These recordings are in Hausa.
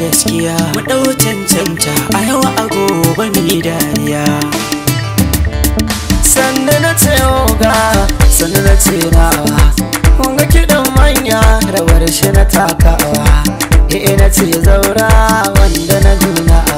gaskiya mu ɗau a yau a gobe mu dariya sannu na ce oga sannu na ce nawa kunga kiɗan manya da shi na takawa e na ce zaura wanda na nuna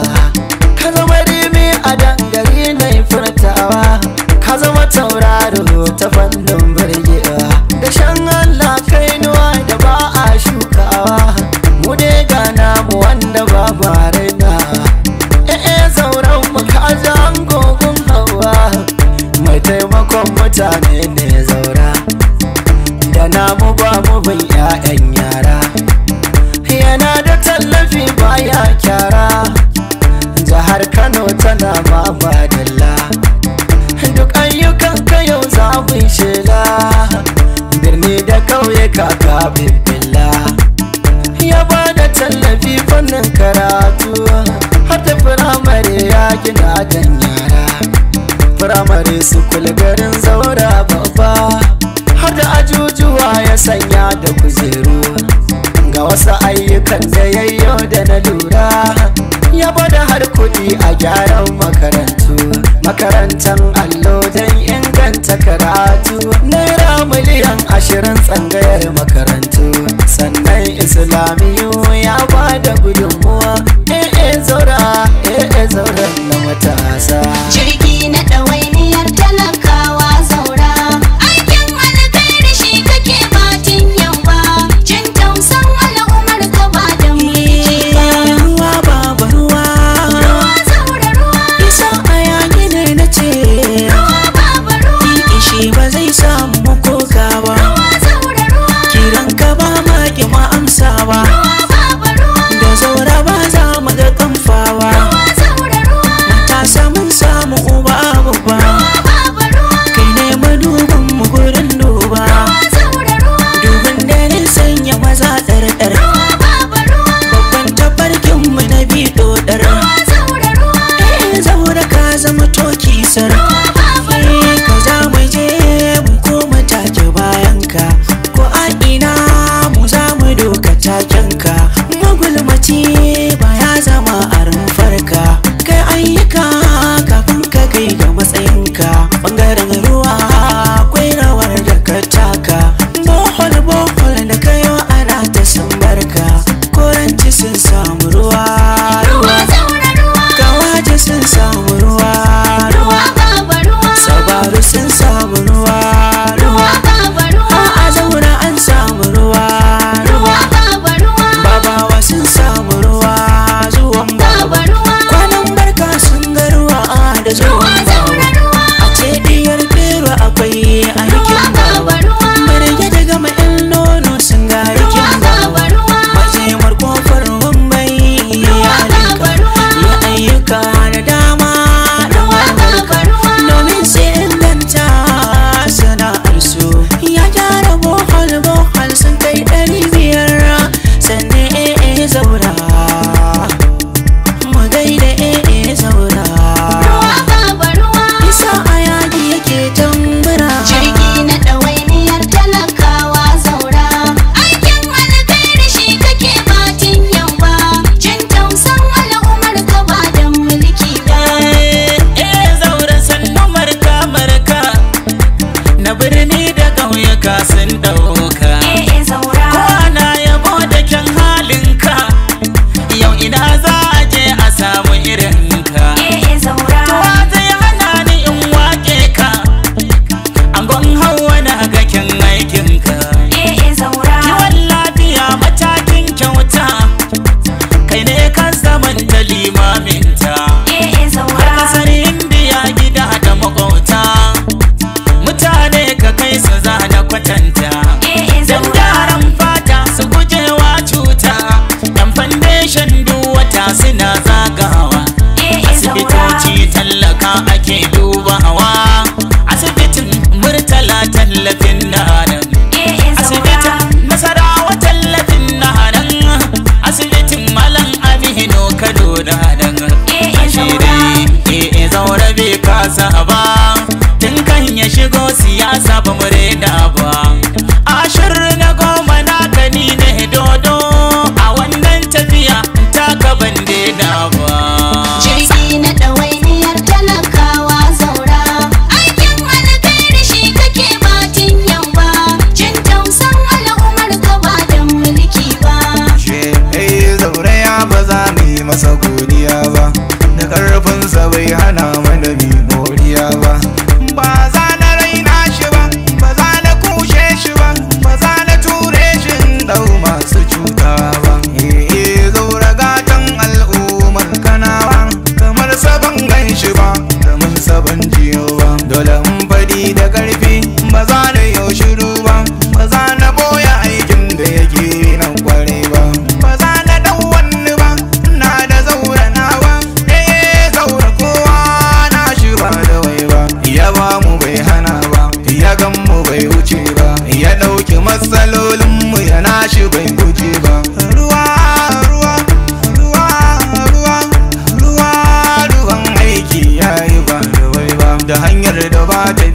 shela birni da kauye kaka bibbilla ya ba da tallafi fannin karatu hata firamare ya gina dan yara firamare su garin zaura babba hada ajujuwa ya sanya da kujeru ga wasu ayyukan da yayyo da na lura ya bada har kudi a gyaran makarantu makarantar karatu naira miliyan ashirin tsangayar makarantu sannan islamiyu ya bada gudun なさ body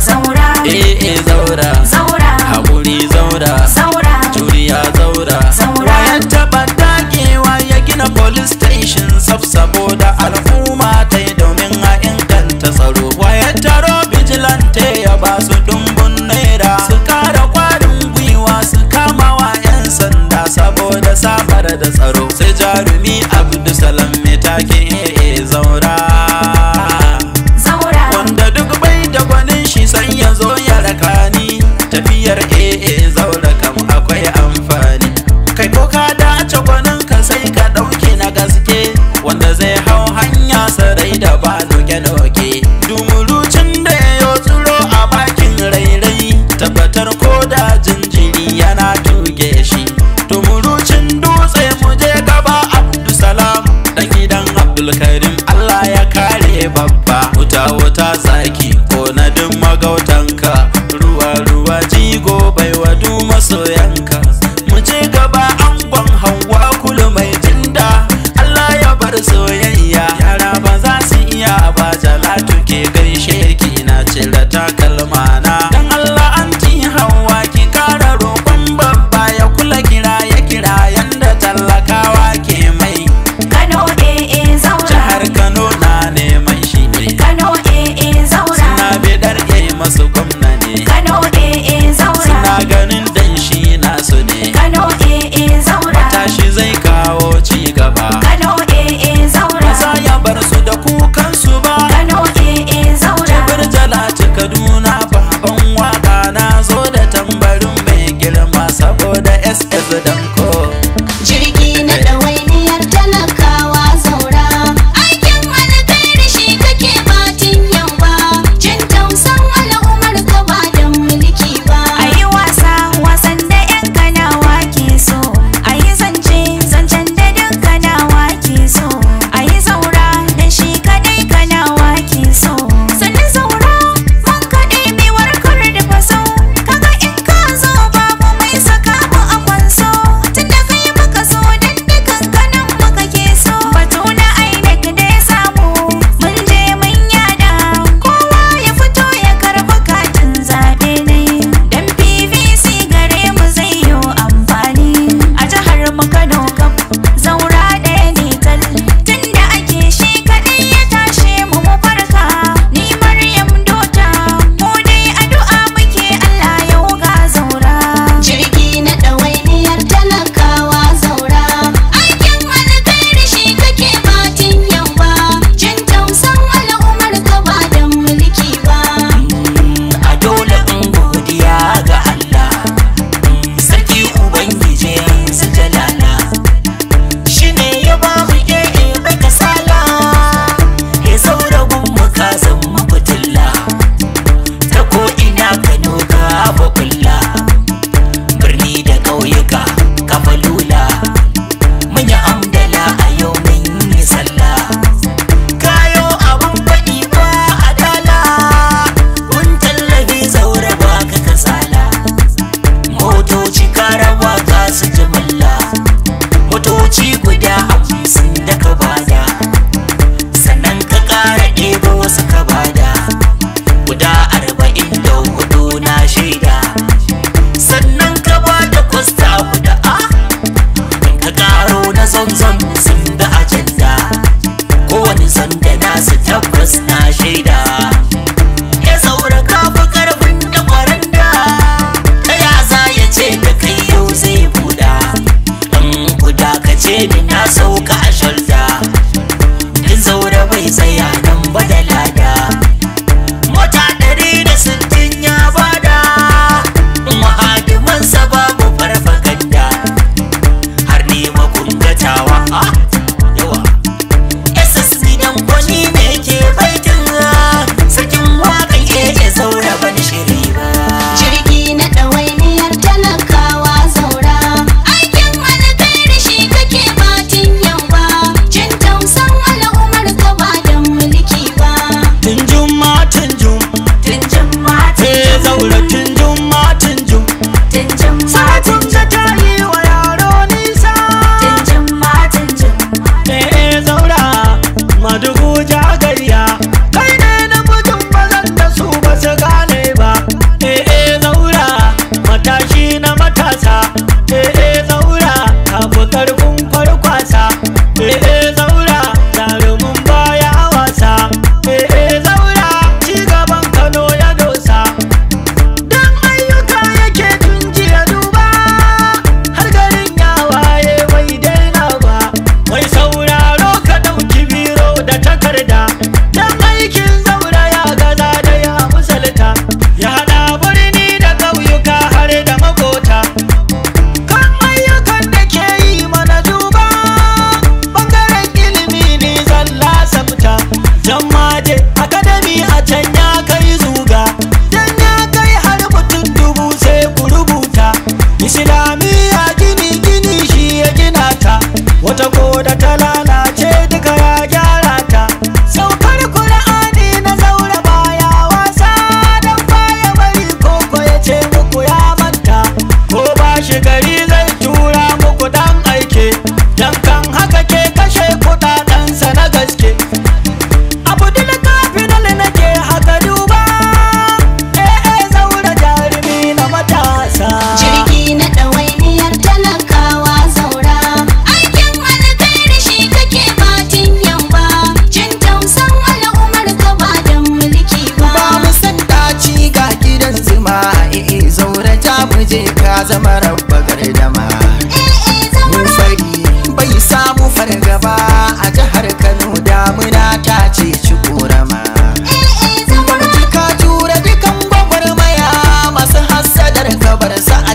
Someone 怎样？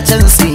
Gracias.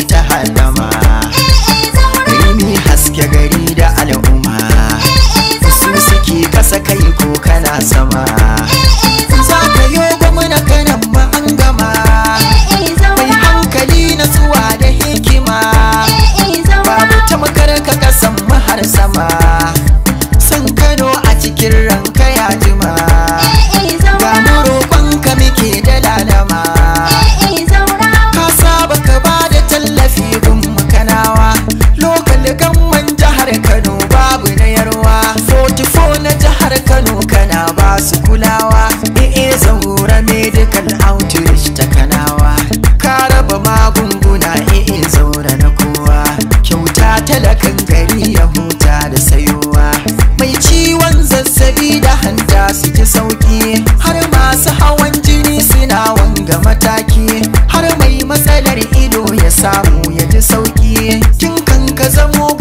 sauki kin kan ka zamo